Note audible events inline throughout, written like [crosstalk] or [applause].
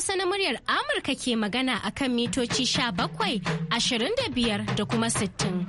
Hausa na muryar Amurka ke magana akan mitoci 17, 25 da kuma sittin.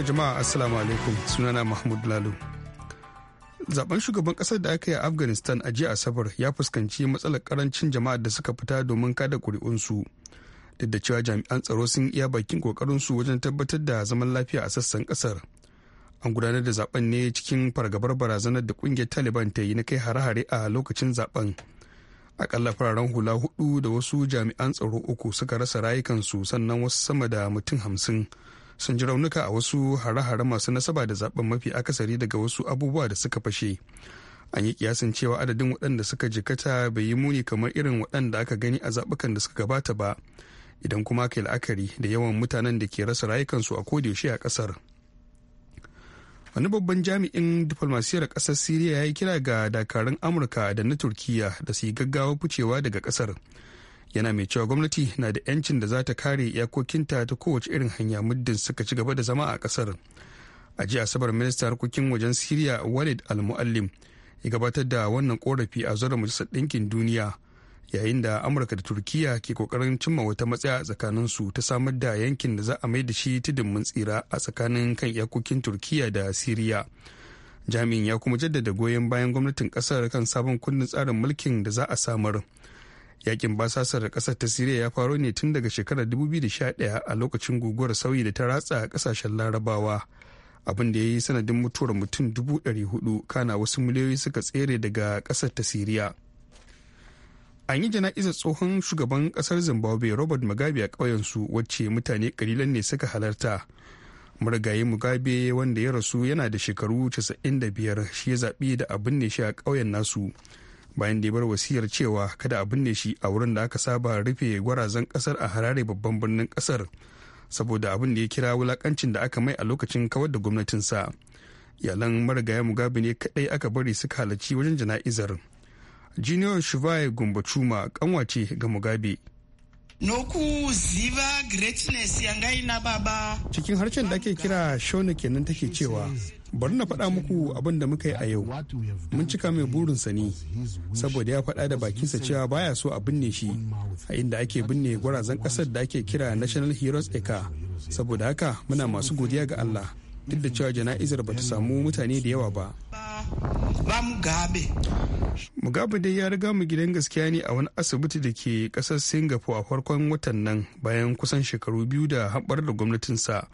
To jama'a assalamu alaikum sunana Mahmud lalu Zaben shugaban kasar da aka yi a Afghanistan a jiya Asabar ya fuskanci matsalar karancin jama'a da suka fita domin kada kuri'unsu. Duk da cewa jami'an tsaro sun iya bakin kokarinsu wajen tabbatar da zaman lafiya a sassan kasar. An gudanar da zaben ne cikin fargabar barazanar da kungiyar Taliban ta yi na kai hare-hare a lokacin zaben. Akalla fararen hula hudu da wasu jami'an tsaro uku suka rasa rayukansu sannan wasu sama da mutum hamsin. sun ji raunuka a wasu hare-hare masu nasaba da zaben mafi akasari daga wasu abubuwa da suka fashe an yi kiyasin cewa adadin waɗanda suka jikata bai yi muni kamar irin waɗanda aka gani a zaɓukan da suka gabata ba idan kuma ka yi la'akari da yawan mutanen da ke rasa rayukansu a kodiyoshi a ƙasar wani babban jami'in diflomasiyar ƙasar siriya ya yi kira ga dakarun amurka da na turkiya da su yi gaggawa ficewa daga ƙasar yana mai cewa gwamnati na da 'yancin da za ta kare iyakokinta ta kowace irin hanya muddin suka ci gaba da zama a kasar a jiya asabar minista harkokin wajen siriya walid al-muallim ya gabatar da wannan korafi a zuwa majalisar ɗinkin duniya yayin da amurka da turkiya ke kokarin cimma wata matsaya tsakanin su ta samar da yankin da za a mai da shi tudun mun tsira a tsakanin kan iyakokin turkiya da siriya jami'in ya kuma jaddada goyon bayan gwamnatin kasar kan sabon kundin tsarin mulkin da za a samar yakin basasar da kasar ta siriya ya faro ne tun daga shekarar 2011 a lokacin guguwar sauyi da ta ratsa a kasashen larabawa abin da ya yi sanadin mutuwar mutum 400 kana wasu miliyoyi suka tsere daga kasar ta siriya an yi jana'izar tsohon shugaban kasar zimbabwe robert mugabe a ƙauyensu wacce mutane kalilan ne suka halarta marigayi mugabe wanda ya rasu yana da shekaru 95 shi ya zaɓi da abin ne shi a ƙauyen nasu bayan da ya bar wasiyar cewa kada a binne shi a wurin da aka saba rufe gwarazan kasar a harare babban birnin kasar saboda abin da ya kira wulakancin da aka mai a lokacin kawar da gwamnatinsa iyalan marigaya mugabe ne kadai aka bari suka halarci wajen jana'izar junior shivai gumbachuma kanwace ga mugabe nokuziva greatness yanga ina baba cikin harshen da ake kira shone kenan take cewa bari na faɗa muku abin da muka yi a yau mun cika mai burinsa ne saboda ya faɗa da bakinsa cewa baya so a binne shi a inda ake binne gwarazan ƙasar da ake kira national heroes eka saboda haka muna masu godiya ga allah duk da cewa jana'izar bata samu mutane da yawa ba Mugabe. Mugabe dai ya riga mu gidan gaskiya ne a wani asibiti da ke kasar Singapore a farkon watan nan bayan kusan shekaru biyu da haɓar da gwamnatinsa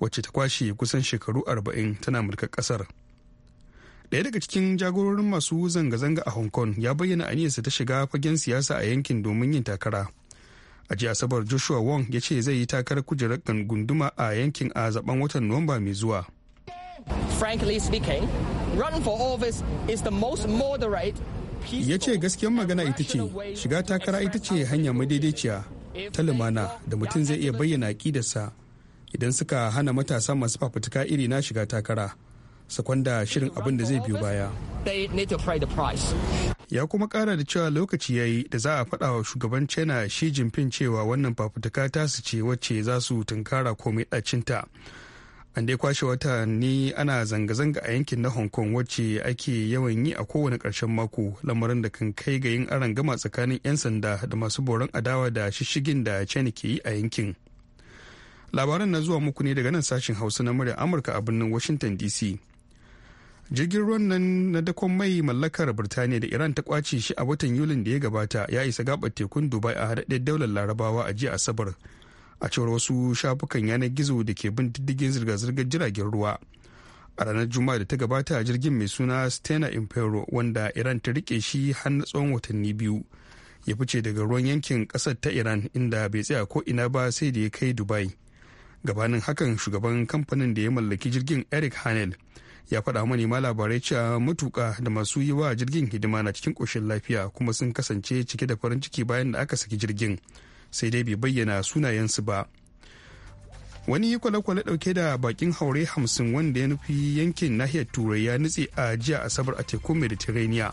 wacce ta kwashe kusan shekaru arba'in tana mulkar kasar. daya daga cikin jagororin masu zanga-zanga a Hong Kong ya bayyana aniyarsa ta shiga fagen siyasa a yankin domin yin takara. a ji asabar joshua wong ya ce zai yi takarar kujerar gunduma a yankin a zaben watan nuwamba mai zuwa Frankly speaking, run for office is the most moderate ya ce gaskiyar magana ita ce shiga takara ita ce hanya madaidaiciya ta lumana da mutum zai iya bayyana aƙidarsa idan suka hana matasa masu fafutuka iri na shiga takara sakwanda shirin abin da zai biyo baya ya kuma kara da cewa lokaci ya yi da za a faɗa wa shugaban china shi jinping cewa wannan fafutuka tasu ce wacce za su tunkara komai ɗacinta an dai kwashe ni ana zanga-zanga a yankin na hong kong wacce ake yawan yi a kowane ƙarshen mako lamarin da kan kai ga yin gama tsakanin 'yan sanda da masu boron adawa da shishigin da china ke yi a yankin labaran na zuwa muku ne daga nan sashen hausa na murya amurka a birnin washington dc jirgin ruwan nan na dakon mai mallakar birtaniya da iran ta kwace shi a watan yulin da ya gabata ya isa gabar tekun dubai a haɗaɗɗen daular larabawa a jiya asabar a cewar wasu shafukan yanar gizo da ke bin diddigin zirga-zirgar jiragen ruwa a ranar juma'a da ta gabata jirgin mai suna stena impero wanda iran ta rike shi har na tsawon watanni biyu ya fice daga ruwan yankin kasar ta iran inda bai tsaya ko ina ba sai da ya kai dubai gabanin hakan shugaban kamfanin da ya mallaki jirgin eric hanel ya faɗa manema labarai cewa matuka da masu yi wa jirgin hidima na cikin ƙoshin lafiya kuma sun kasance cike da farin ciki bayan da aka saki jirgin sai dai bai bayyana sunayensu ba wani kwale-kwale dauke da bakin haure hamsin wanda ya nufi yankin nahiyar turai ya nutse a jiya asabar a tekun mediterranean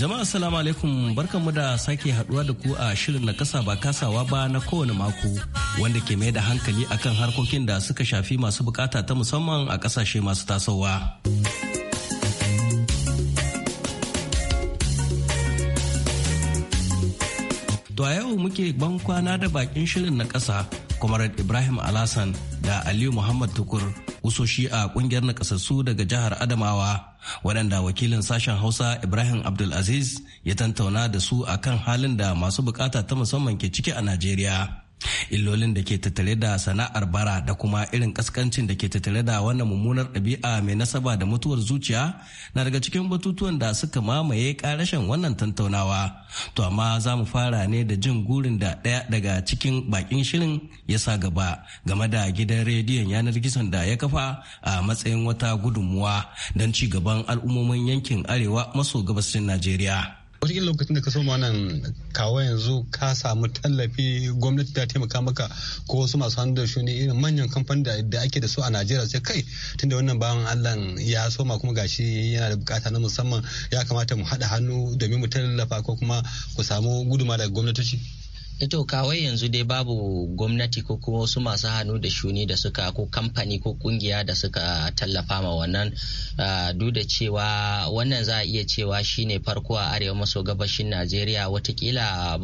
Jama'a salamu alaikum mu da sake haduwa da ku a shirin na kasa ba kasawa ba na kowane mako wanda ke mai da hankali akan harkokin da suka shafi masu bukata ta musamman a kasashe masu tasowa. To a yau muke ban kwana da bakin shirin na kasa Comrade Ibrahim Alasan da Aliyu Muhammad Tukur usoshi a kungiyar nakasassu daga jihar Adamawa waɗanda wakilin sashen hausa ibrahim abdulaziz ya tantauna da su akan halin da masu bukata ta musamman ke ciki a najeriya illolin da ke tattare da sana'ar bara da kuma irin kaskancin da ke tattare da wannan mummunar ɗabi'a mai nasaba da mutuwar zuciya na daga cikin batutuwan da suka mamaye karashen wannan tantaunawa to amma za mu fara ne da jin gurin da ɗaya daga cikin bakin shirin ya sa gaba game da gidan rediyon yanar gizon da ya kafa a matsayin wata gudunmuwa don ci gaban al'ummomin yankin arewa maso gabashin najeriya wataƙila lokacin da ka soma nan kawo yanzu ka samu tallafi gwamnati ta taimaka maka ko wasu masu hannu da shuni irin manyan kamfanin da ake da su a najeriya sai kai tunda wannan bawan allah ya soma kuma gashi yana da bukata na musamman ya kamata mu haɗa hannu domin mu tallafa ko kuma ku samu guduma daga gwamnatoci. Eh, to kawai yanzu dai babu gwamnati ko kuma wasu masu hannu da shuni da suka ko kamfani ko kungiya da suka tallafa ma wannan ah, duk da cewa wannan za a iya cewa shine farko a arewa maso gabashin najeriya watakila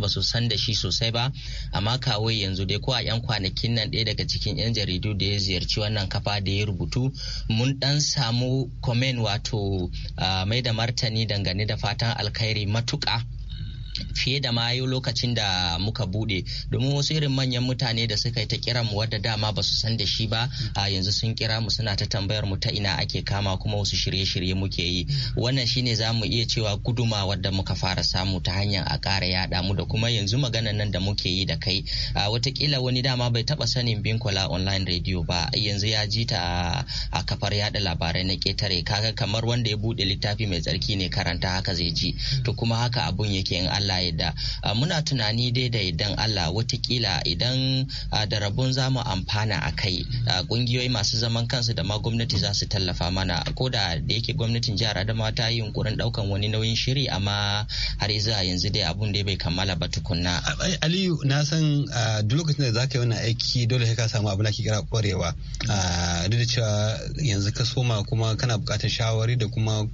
ba su san da shi sosai ba amma kawai yanzu dai ko a yan kwanakin nan ɗaya daga cikin yan jaridu da ya ziyarci wannan kafa da ya rubutu mun dan samu komen wato ah, mai da martani dangane da fatan alkhairi matuka fiye da ma lokacin da muka bude domin wasu irin manyan mutane da suka yi ta kira mu wadda dama ba su san da shi ba a yanzu sun kira mu suna ta tambayar mu ta ina ake kama kuma wasu shirye-shirye muke yi wannan shine za mu iya cewa guduma wadda muka fara samu ta hanyar a ƙara yaɗa mu da kuma yanzu maganan nan da muke yi da kai a watakila wani dama bai taba sanin binkola online radio ba yanzu ya ji ta a kafar yada labarai na ketare kaga kamar wanda ya bude littafi mai tsarki ne karanta haka zai ji to kuma haka abun yake in Allah Allah ya muna tunani dai da idan Allah watakila idan da rabon za mu amfana a kai ƙungiyoyi masu zaman kansu da ma gwamnati za su tallafa mana ko da da yake gwamnatin jihar Adamawa ta yi yunkurin daukan wani nauyin shiri amma har zuwa yanzu dai abun dai bai kammala ba tukunna. Aliyu na san duk lokacin da za ka yi wannan aiki dole sai ka samu abin da ke kira kwarewa duk da cewa yanzu ka soma kuma kana bukatar shawari da kuma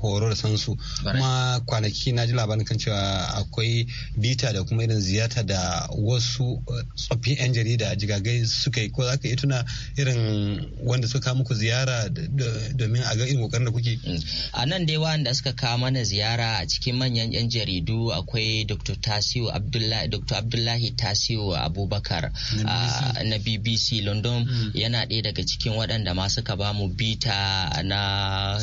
horo da sansu kuma kwanaki na ji labarin kan cewa akwai bita da kuma irin ziyarta da wasu eh, tsoffin 'yan jarida a jigagai suka yi ko za ka yi tuna irin wanda suka kawo muku ziyara domin a ga irin kokarin da kuke mm. a nan dai wanda suka kawo mana ziyara a cikin manyan 'yan jaridu akwai dr tasiu abdullahi dr abdullahi tasiu abubakar na ah, bbc london mm. yana ɗaya daga cikin waɗanda ma suka ba mu bita na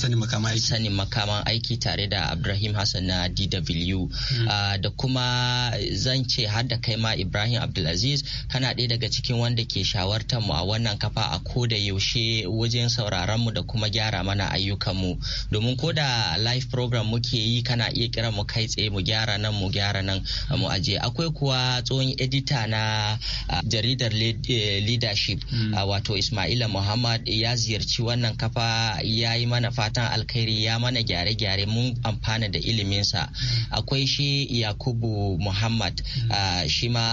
sanin makaman aiki tare da abdulrahim hassan na dw mm. Ah, da kuma zan ce har da kai ma Ibrahim Abdulaziz kana ɗaya daga cikin wanda ke shawartar mu a wannan kafa a ko da yaushe wajen sauraron mu da kuma gyara mana ayyukan mu domin ko da live program muke yi kana iya kira mu kai tsaye mu gyara nan mu gyara nan mu aje akwai kuwa tsohon edita na ah, jaridar eh, leadership hmm. ah, wato Ismaila Muhammad ya ziyarci wannan kafa ya yi mana fatan alkhairi ya mana gyare-gyare mun amfana da iliminsa hmm. akwai shi yakubu muhammad uh, mm. ah, shi ma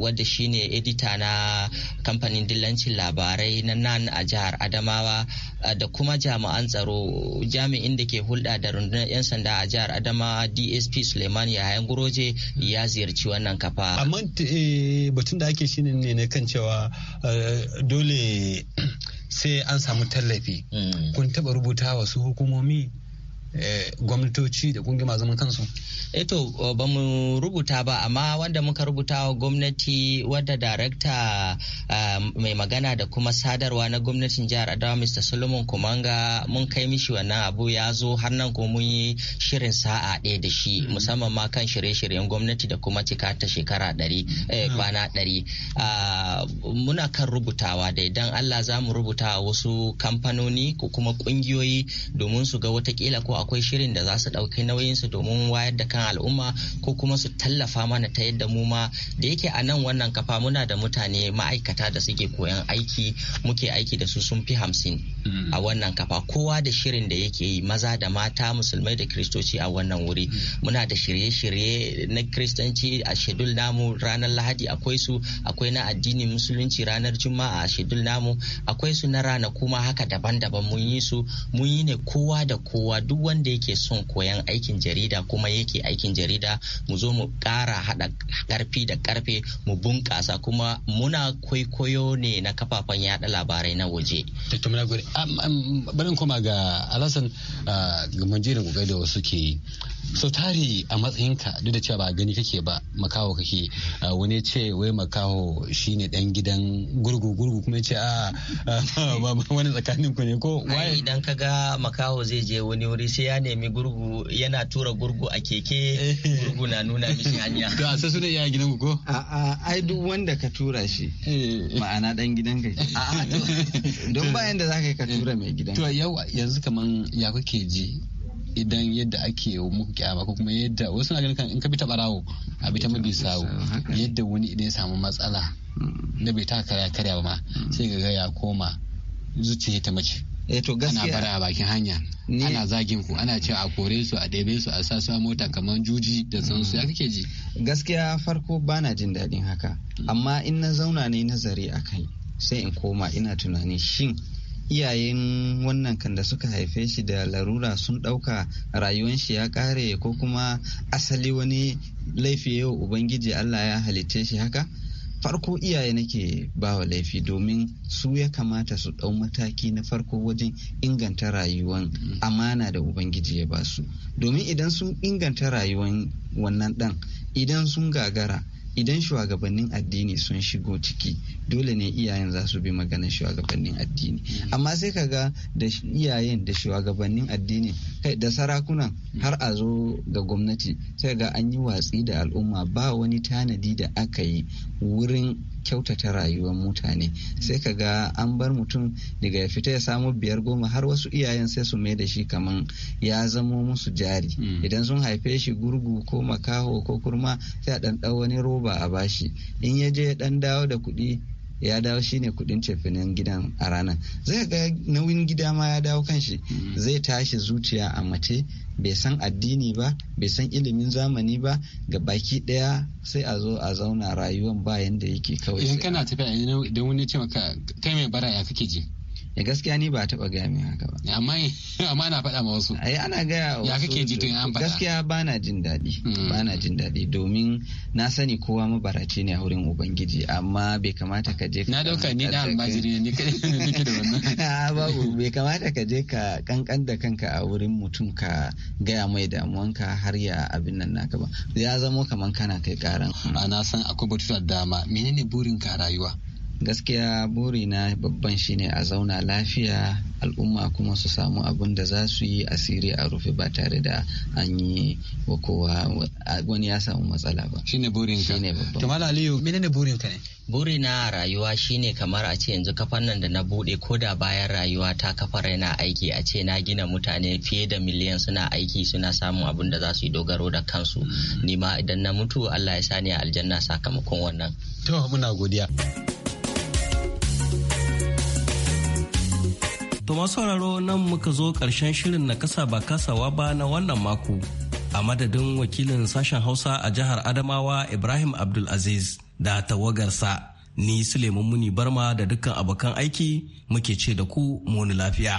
wanda shi ne edita na kamfanin dillancin labarai na nan a jihar adamawa uh, da kuma jami'an tsaro jami'in da ke hulɗa da rundunar 'yan sanda a jihar adamawa dsp suleiman yayan guroje ya ziyarci wannan kafa amma eh, batun da ake shi ne na kan cewa eh, dole [clears throat] sai an samu tallafi mm. kun taɓa rubuta wasu hukumomi Eh, gwamnatoci da kungiyar masu zaman kansu? Eto eh eh, ba mu rubuta ba amma wanda muka rubuta wa gwamnati wadda darakta mai magana da kuma sadarwa na gwamnatin jihar Adawa Mr. Solomon Kumanga mun kai mishi wannan abu ya zo har nan ko mun yi shirin sa'a ɗaya da shi mm-hmm. musamman ma kan shirye-shiryen gwamnati da kuma cika ta shekara ɗari mm-hmm. kwana ɗari. Ah, muna kan rubutawa da idan Allah za mu rubuta wasu kamfanoni ko kuma ƙungiyoyi domin su ga watakila ko akwai shirin da za su ɗauki nauyinsu domin wayar da kan al'umma ko kuma su tallafa mana ta yadda mu ma da yake a nan wannan kafa muna da mutane ma'aikata da suke koyan aiki muke aiki da su sun fi hamsin mm. a wannan kafa kowa da shirin da yake yi maza da mata musulmai da kiristoci a wannan wuri mm. muna da shirye-shirye na kiristanci a shedul namu ranar lahadi akwai su akwai na addinin musulunci ranar juma'a a shedul namu akwai su na rana kuma haka daban-daban mun yi su mun yi ne kowa da kowa duk wanda yake son koyan aikin jarida kuma yake aikin jarida mu zo mu kara hada karfi da karfe mu bunkasa kuma muna kwaikwayo ne na kafafen yaɗa labarai na waje. Barin ga Alasan ah, ga manjirin da wasu ke So tari a matsayinka duk da cewa ba gani kake ba makaho kake ah, wani ce wai makaho shine dan gidan gurgu gurgu kuma ce ah, [laughs] a wani tsakanin ku ne ko wai idan kaga makaho zai je wani wuri sai sai ya nemi gurgu yana tura gurgu a keke eh. gurgu na nuna mishi hanya [laughs] to a sai sunan ya gidan ko a'a ai duk wanda ka tura shi eh. ma'ana dan gidan ka [laughs] to don bayan da zaka ka eh. tura mai gidan to yau yanzu kaman ya kuke ji idan yadda ake muku kyama ko kuma yadda wasu na ganin kan in ka bi ta barawo a bi ta mabi sawo yadda wani idan ya samu matsala mm. na bai ta karya karya ba ma mm. sai ga ya koma zuciya ta mace Eh, to gaskiya ana bara a bakin hanya ana zagin ku ana cewa a kore su a ɗebe su a sa mota kamar juji da su ya mm. kake ji gaskiya farko bana jin daɗin haka mm. amma in na zauna ne nazari a kai sai in koma ina tunani shin iyayen wannan kan da suka haife shi da larura sun ɗauka rayuwan shi ya kare ko kuma asali wani laifi yau ubangiji allah ya halitte shi haka farko iyaye nake bawa laifi domin su ya kamata su ɗau mataki na farko wajen inganta rayuwan amana da ubangiji ya basu domin idan sun inganta rayuwan wannan ɗan idan sun gagara idan shugabannin addini sun shigo ciki dole ne iyayen za su bi maganar shugabannin addini mm. amma sai ka ga da iyayen da shugabannin addini kai da sarakunan mm. har a zo ga gwamnati sai ga an yi watsi da al'umma ba wani tanadi da aka yi wurin kyautata rayuwar mutane sai ka ga an bar mutum daga ya fita ya samu biyar goma har wasu iyayen sai su mai da shi kaman ya zamo musu jari mm. idan sun haife shi gurgu ko makaho ko kurma sai a dan wani roba a bashi in ya je ya dan dawo da kuɗi ya dawo shi ne kudin cefinan gidan a ranar zai ga nauyin gida ma ya dawo kanshi mm. zai tashi zuciya a mace bai san addini ba bai san ilimin zamani ba ga baki daya sai a zo a zauna rayuwan bayan da yake kawai idan kana tafiya idan wani ce maka kai mai bara ya kake je ya eh, gaskiya ni ba taɓa gaya min haka ba eh, amma amma na faɗa ma wasu ai eh, ana gaya wasu ya kake ji tun an faɗa gaskiya bana jin daɗi hmm. bana jin daɗi domin na sani kowa mabarace ne a wurin ubangiji amma bai kamata ka je na dauka ni da almajiri ne ni kai nake da wannan [laughs] ah, babu bai kamata ka je ka kankan da kanka a wurin mutum ka gaya mai damuwanka har ya abin nan naka ba ya zamo kaman kana kai karan na san akwai batutar dama menene burin ka rayuwa gaskiya Burina na babban shine a zauna lafiya al'umma kuma su samu abin da za su yi asiri a rufe ba tare da an yi wa kowa wani ya samu matsala ba shine burin ka ne babban kamar aliyu menene burin ka ne buri na rayuwa shine kamar a ce yanzu kafan nan da na bude ko da bayan rayuwa ta kafar yana aiki a ce na gina mutane fiye da miliyan suna aiki suna samun abin da za su yi dogaro da kansu nima idan na mutu Allah ya sani a aljanna sakamakon wannan to muna godiya To masu sauraro nan muka zo ƙarshen shirin na kasa ba kasawa ba na wannan mako. A madadin wakilin sashen Hausa a jihar Adamawa Ibrahim Abdulaziz da tawagarsa ni Suleiman Muni Barma da dukkan abokan aiki muke ce da ku muni lafiya.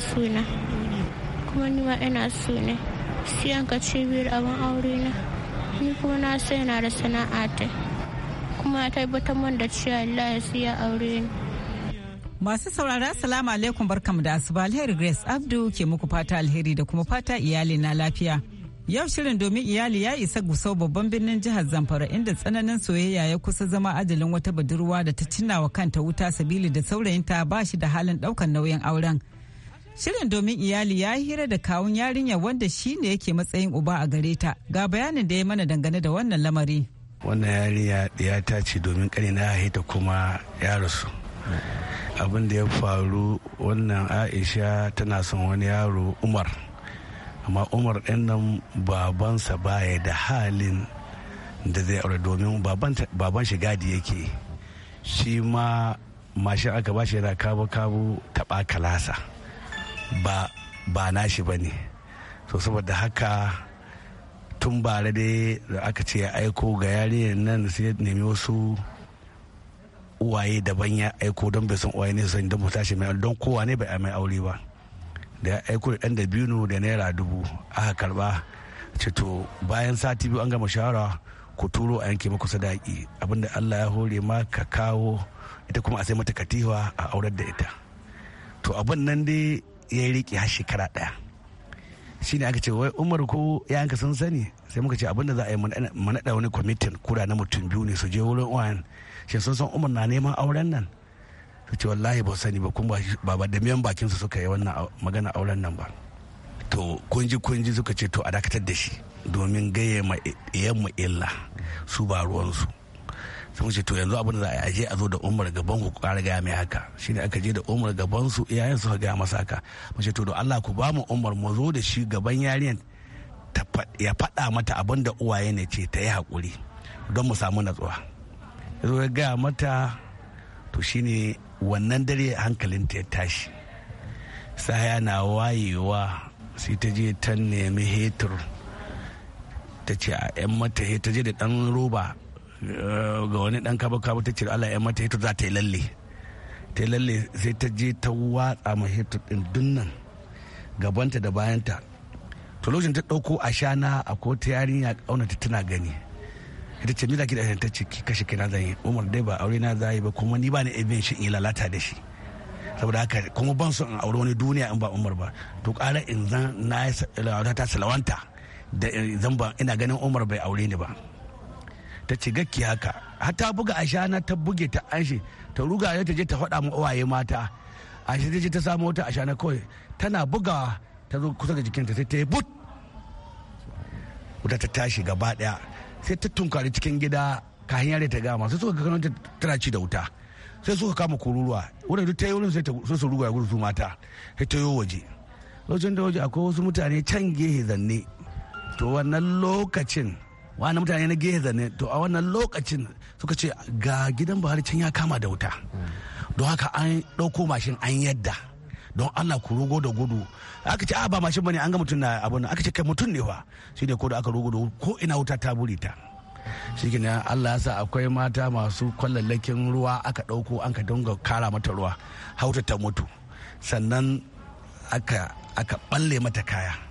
suna kuma nima ina suna ne siyan ka cibiyar abin aure na ni kuma na sai yana da sana'a ta kuma ta yi bata man da ciya Allah ya siya aure ni Masu saurara salamu alaikum barkamu da asuba alheri Grace Abdu ke muku fata alheri da kuma fata iyali na lafiya. Yau shirin domin iyali ya isa gusau babban birnin jihar Zamfara inda tsananin soyayya ya kusa zama ajalin wata budurwa da ta cinna wa kanta wuta sabili da saurayinta ba shi da halin daukan nauyin auren. Shirin domin iyali ya hira da kawun yarinyar wanda shi ne yake matsayin uba a gare ta. Ga bayanin da ya mana dangane da wannan lamari. Wannan yarinya ya ta ce domin kani na haita kuma ya rasu. Abin da ya faru wannan Aisha tana son wani yaro Umar. Amma Umar ɗin nan babansa baya da halin da zai aure domin baban shi gadi yake. Shi ma mashin aka bashi yana kabo-kabo taɓa kalasa. ba ba nashi ba ne so saboda haka tun bara dai da aka ce ya aiko ga yarinyar nan sai nemi wasu uwaye daban ya aiko don bai san uwaye ne su don mu tashi mai don kowa ne bai mai aure ba da ya aiko da ɗan da biyu da naira dubu aka karba ce to bayan sati biyu an gama shawara ku turo a yanke maku sadaki abinda Allah ya hore ma ka kawo ita kuma a sai mata katiwa a aurar da ita to abin nan dai ya yi riƙe har shekara ɗaya shi ne aka ce wai umar ko yanka sun sani sai muka ce abinda za a yi manaɗa wani kwamitin kura na mutum biyu ne su je wurin wayan shi sun san umar na neman auren nan su ce wallahi ba sani ba kun ba ba da miyan bakin su suka yi wannan magana auren nan ba to kunji kunji suka ce to a dakatar da shi domin gaye ma illa su ba ruwansu sun ce to yanzu abin da za a je a zo da umar gaban ku ƙara gaya mai haka shi ne aka je da umar gaban su iyayen suka gaya masa haka mu ce to don Allah ku ba mu umar mu zo da shi gaban yarinyar ya faɗa mata abin da uwaye ne ce ta yi haƙuri don mu samu natsuwa ya zo ya gaya mata to shine wannan dare hankalinta ya tashi saya na wayewa sai ta je ta nemi hetur ta ce a 'yan mata ta je da ɗan roba Eh, ga wani dan kaba kaba ta cire Allah ya mata hito za ta yi lalle ta yi lalle sai ta je ta watsa ma hito din dunnan gabanta da bayanta to lokacin ta dauko ashana a ko ta yarinya kaunata tana gani ita ce ni da ta ce ki kashe kina zan yi Umar dai ba aure na zai ba kuma ni ba ni ibin shi in lalata da shi saboda haka kuma ban so in aure wani duniya in ba Umar ba to kara in zan na ta salawanta da zan ba ina ganin Umar bai aure ni ba ta ci gakki haka har ta buga ashana ta buge ta anshi ta ruga ta je ta faɗa mu mata mata shi ta je ta samu wata ashana kawai tana bugawa ta zo kusa da jikinta sai ta yi but wuta ta tashi gaba daya sai ta tunkari cikin gida kahin yare ta gama sai suka ga kanonta tana ci da wuta sai suka kama kururuwa wurin duk ta yi wurin sai su ruga gudu su mata sai ta yi waje lokacin da waje akwai wasu mutane can gehe zanne to wannan lokacin wani mutane na geza zane to a wannan lokacin suka ce ga gidan buhari can ya kama da wuta don haka an ɗauko mashin an yadda don allah ku rugo da gudu aka ce a ba mashin bane an ga mutum na abun aka ce kai mutum ne fa shi ne ko da aka rugo da ko ina wuta ta buri ta shi ne allah ya sa akwai mata masu kwallallakin ruwa aka ɗauko an ka dinga kara mata ruwa hauta ta mutu sannan aka aka balle mata kaya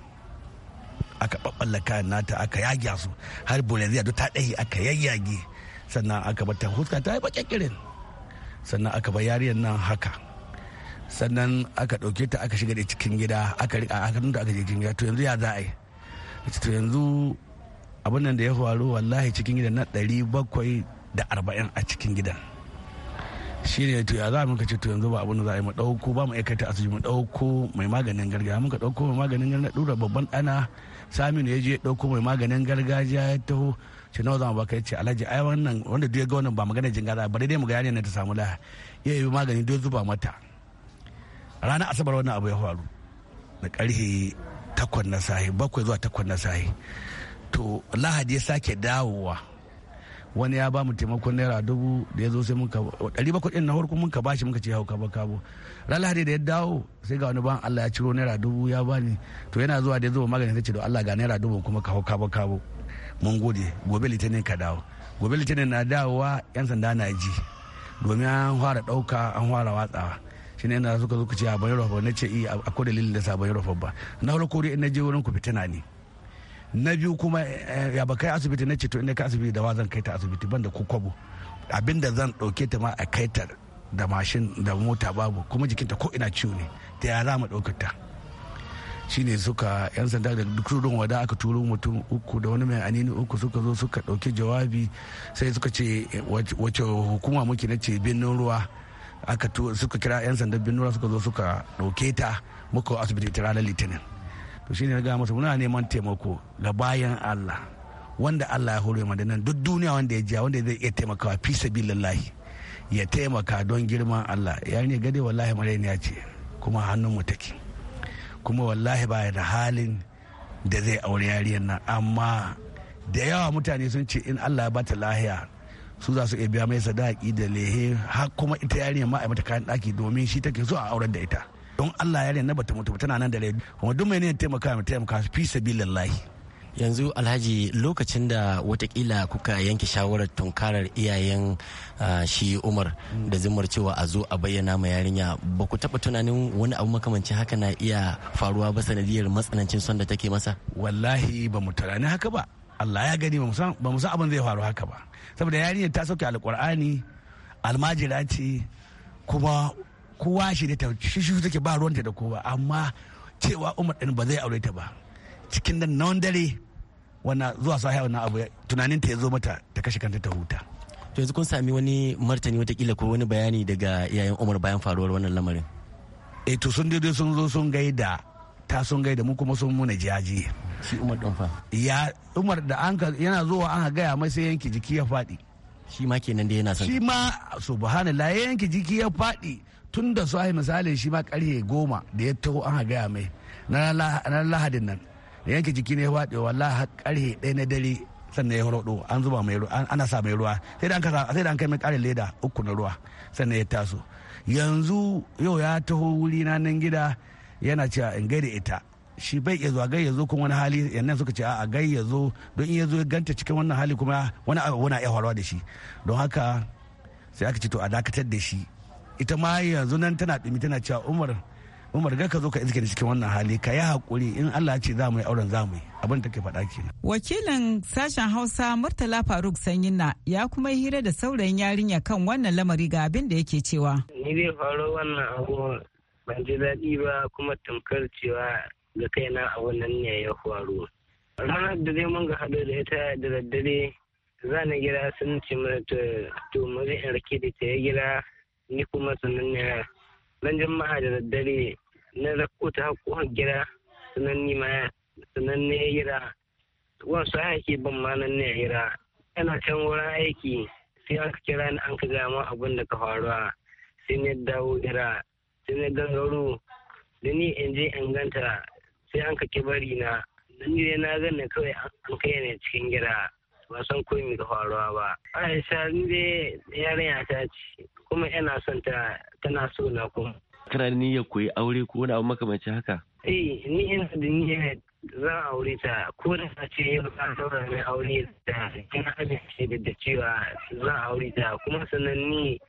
aka ɓaɓɓalla kayan nata aka yage su har bolivia duk ta ɗaya aka yayyage sannan aka bar ta huska ta yi baƙaƙirin sannan aka bar yariyar nan haka sannan aka ɗauke ta aka shiga da cikin gida aka riƙa aka nuna aka je cikin gida to yanzu ya za a yi to yanzu abin nan da ya faru wallahi cikin gidan na ɗari bakwai da arba'in a cikin gidan shi ne to ya za muka ce to yanzu ba abin da za a yi mu ɗauko ba mu aikata asibiti mu ɗauko mai maganin gargajiya muka ɗauko mai maganin gargajiya ɗura babban ɗana saminu ya je ya ɗauko mai maganin gargajiya ya taho ce nawa zama baka ce alhaji ai wannan wanda duk ya ga wannan ba magana jingara ba dai mu ga yanayin ta samu laha ya yi magani duk zuba mata ranar asabar wannan abu ya faru da karfe takwas na sahi bakwai zuwa takwas na sahi to lahadi ya sake dawowa wani ya ba mu taimakon naira dubu da ya zo sai mun ka ɗari bakwai ɗin na farko mun ka mun ka ce hau ka kabo ran lahadi da ya dawo sai ga wani ban Allah ya ciro naira dubu ya bani to yana zuwa da ya zuba magani sai ce Allah ga naira dubu kuma ka hau kabo kabo mun gode gobe litinin ka dawo gobe litinin na dawowa yan sanda na ji domin an fara ɗauka an fara watsawa shi ne na suka zo ku ce a bayan rufa na ce eh, a ko dalilin da sa bayan rufa ba na farko dai na je wurin ku fitina ne na biyu kuma eh, ya ba kai asibiti na ce to ina ka asibiti da wa zan kai ta asibiti banda ko kwabo abinda zan ɗauke ta ma a kai ta da mashin da mota babu kuma jikinta ko ina ciwo ne ta ya za mu ɗaukar ta ne suka yan sanda da dukkan wada aka turo mutum uku da wani mai anini uku suka zo suka dauki jawabi sai suka ce wace hukuma muke na ce binnin ruwa aka suka kira yan sanda binnin ruwa suka zo suka dauke ta muka asibiti ta ranar litinin to shine ga masa muna neman taimako ga bayan Allah wanda Allah ya horo mana nan duk duniya wanda ya ja wanda zai iya taimakawa fi sabilillahi ya taimaka don girman Allah ya ne gade wallahi ya ce kuma hannun mu take kuma wallahi ba da halin da zai aure yariyar nan amma da yawa mutane sun ce in Allah ya ta lahiya su za su iya biya mai sadaki da lehe har kuma ita yariyar ma a mata kayan daki domin shi take so a auren da ita don Allah ya na bata mutu tana nan da rai kuma duk mai ne taimaka mu taimaka fi sabilillahi yanzu alhaji lokacin da watakila kuka yanke shawarar tunkarar iyayen ah, shi umar da zumar cewa a zo a bayyana ma yarinya ba ku taɓa tunanin wani abu makamancin haka na iya faruwa ba sanadiyar matsanancin son da take masa wallahi ba mu tunani haka ba allah ya gani ba mu san abin zai faru haka ba saboda yarinya ta sauke Alqur'ani almajira ce kuma kowa shi da ta shi shi take ba ruwanta da kowa amma cewa umar din ba zai aure ta ba cikin nan nan dare wana zuwa sahiya wannan abu tunanin ta ya zo mata ta kashe kanta ta huta to yanzu kun sami wani martani watakila ko wani bayani daga iyayen umar bayan faruwar wannan lamarin eh to sun daidai sun zo sun gaida ta sun gaida mu kuma sun muna jaji shi umar din fa ya umar da an ka yana zuwa an gaya mai sai yanki jiki ya faɗi shi ma kenan da yana son shi ma subhanallah yanki jiki ya faɗi tun da su ai misali shi ma karye goma da ya taho an gaya mai na lahadin nan da yanke jiki ne ya waɗe wallahi karye ɗaya na dare sannan ya horodo an zuba mai ruwa ana sa mai ruwa sai da an kai mai ƙarin leda uku na ruwa sannan ya taso yanzu yau ya taho wuri na nan gida yana cewa in gaida ita shi bai iya zuwa gayyazo kuma wani hali yannan suka ce a gayyazo don in ya zo ganta cikin wannan hali kuma wani abu wani iya horo da shi don haka sai aka ce to a dakatar da shi ita ma yanzu nan tana ɗumi tana cewa umar umar ga ka zo ka iske cikin wannan hali ka yi hakuri in allah ce za mu yi auren za mu yi abin ke faɗa kenan. wakilin sashen hausa murtala faruk sanyina ya kuma yi hira da saurayin yarinya kan wannan lamari ga abin da yake cewa. ni zai faru wannan abu ban ji daɗi ba kuma tamkar cewa ga kaina a wannan ne ya faru. ranar da zai mun ga haɗu da ita da daddare za na gida sun ce mana to mu in rake da ta ya gida ni kuma sannan ne ran jama'a da daddare na rako ta hakuwar gida sannan ni ma sannan ne gira wasu aiki ban ma nan ne gira ana can wurin aiki sai ka kira ni an ka gama abin da ka faruwa sai ne dawo gira sai ne gangaro da ni in je in ganta sai an ka bari na ni gida na gane kawai an kai ne cikin gida ba san komai ga faruwa ba aisha ni dai yarinya ta ce kuma ina son ta tana so na kuma kana da niyyar koyi aure ko wani abu makamancin haka eh ni ina da niyyar zan aure ta ko da ta ce yau za ta mai aure da ina amince da cewa zan aure ta kuma sannan ni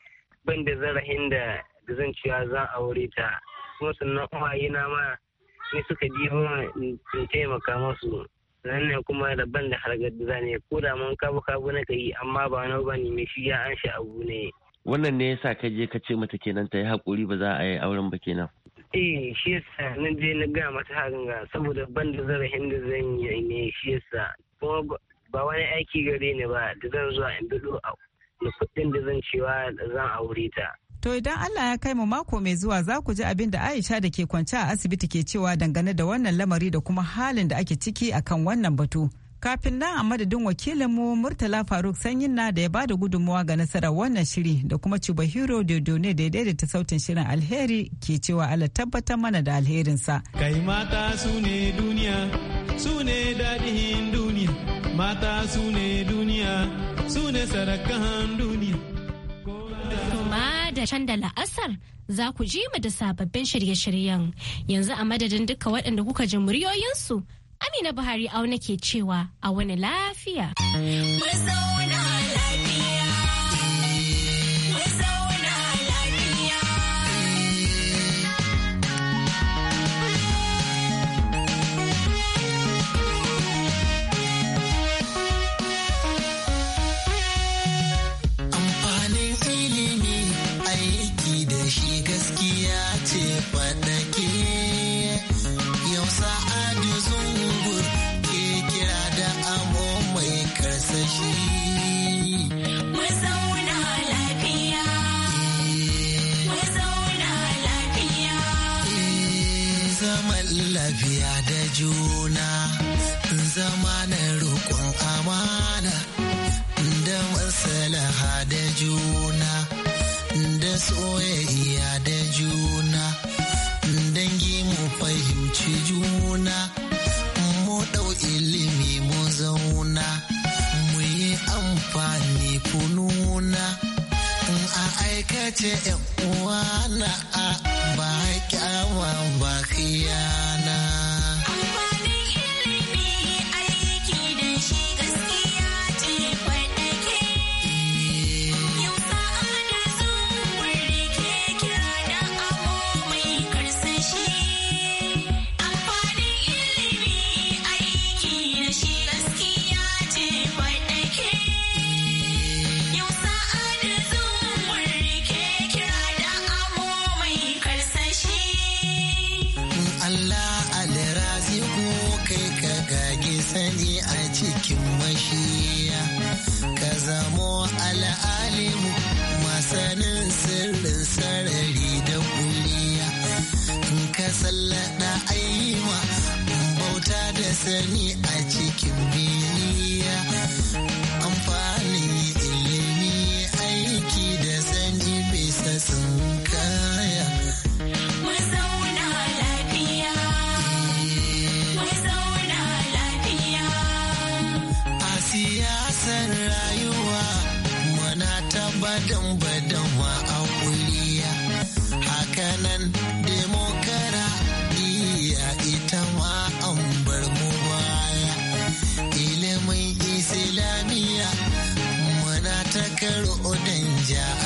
ban da zarafin da zan cewa zan aure ta kuma sannan kuma yana ma ni suka biyo in taimaka masu nan ne kuma daban da hargaduza ne ko da mun kabu kabu na kai, amma ba na ba ne mai shi ya an shi abu ne. Wannan ne yasa ka je ka ce mata kenan ta yi haƙuri ba za a yi auren ba kenan. Eh shi yasa na je na ga mata hakan ga saboda ban da zarafin da zan yi ne shi yasa kuma ba wani aiki gare ni ba da zan zuwa in bido a kuɗin da zan cewa zan aure ta. To idan Allah ya kai mu mako mai zuwa za ku ji abin da Aisha da ke kwance a asibiti ke cewa dangane da wannan lamari da kuma halin da ake ciki akan wannan batu. Kafin nan a madadin wakilinmu Murtala Faruk Sanyin na da ya ba da gudunmuwa ga nasarar wannan shiri da kuma ciba Hero ne da ya daidaita sautin shirin alheri ke cewa Allah tabbatar mana da alherinsa. Kai mata su ne duniya, su ne daɗin duniya, mata su ne duniya, su ne sarakan duniya. da can da la'asar za ku ji mu da sababbin shirye-shiryen yanzu a madadin duka waɗanda kuka ji muryoyinsu amina buhari auna ke cewa a wani lafiya. lafiya da juna zama na roƙon amana da masalaha da juna da soyayya da juna dangi mu fahimci juna mu ɗau ilimi mu zauna mu yi amfani kununa. a aikace uwa na a ba kyawa ba sani a cikin mashiya ka zamo al'alimu masanin sirrin sarari da kuliya in ka sallada ayyuma bauta da sani a cikin biya odin ja.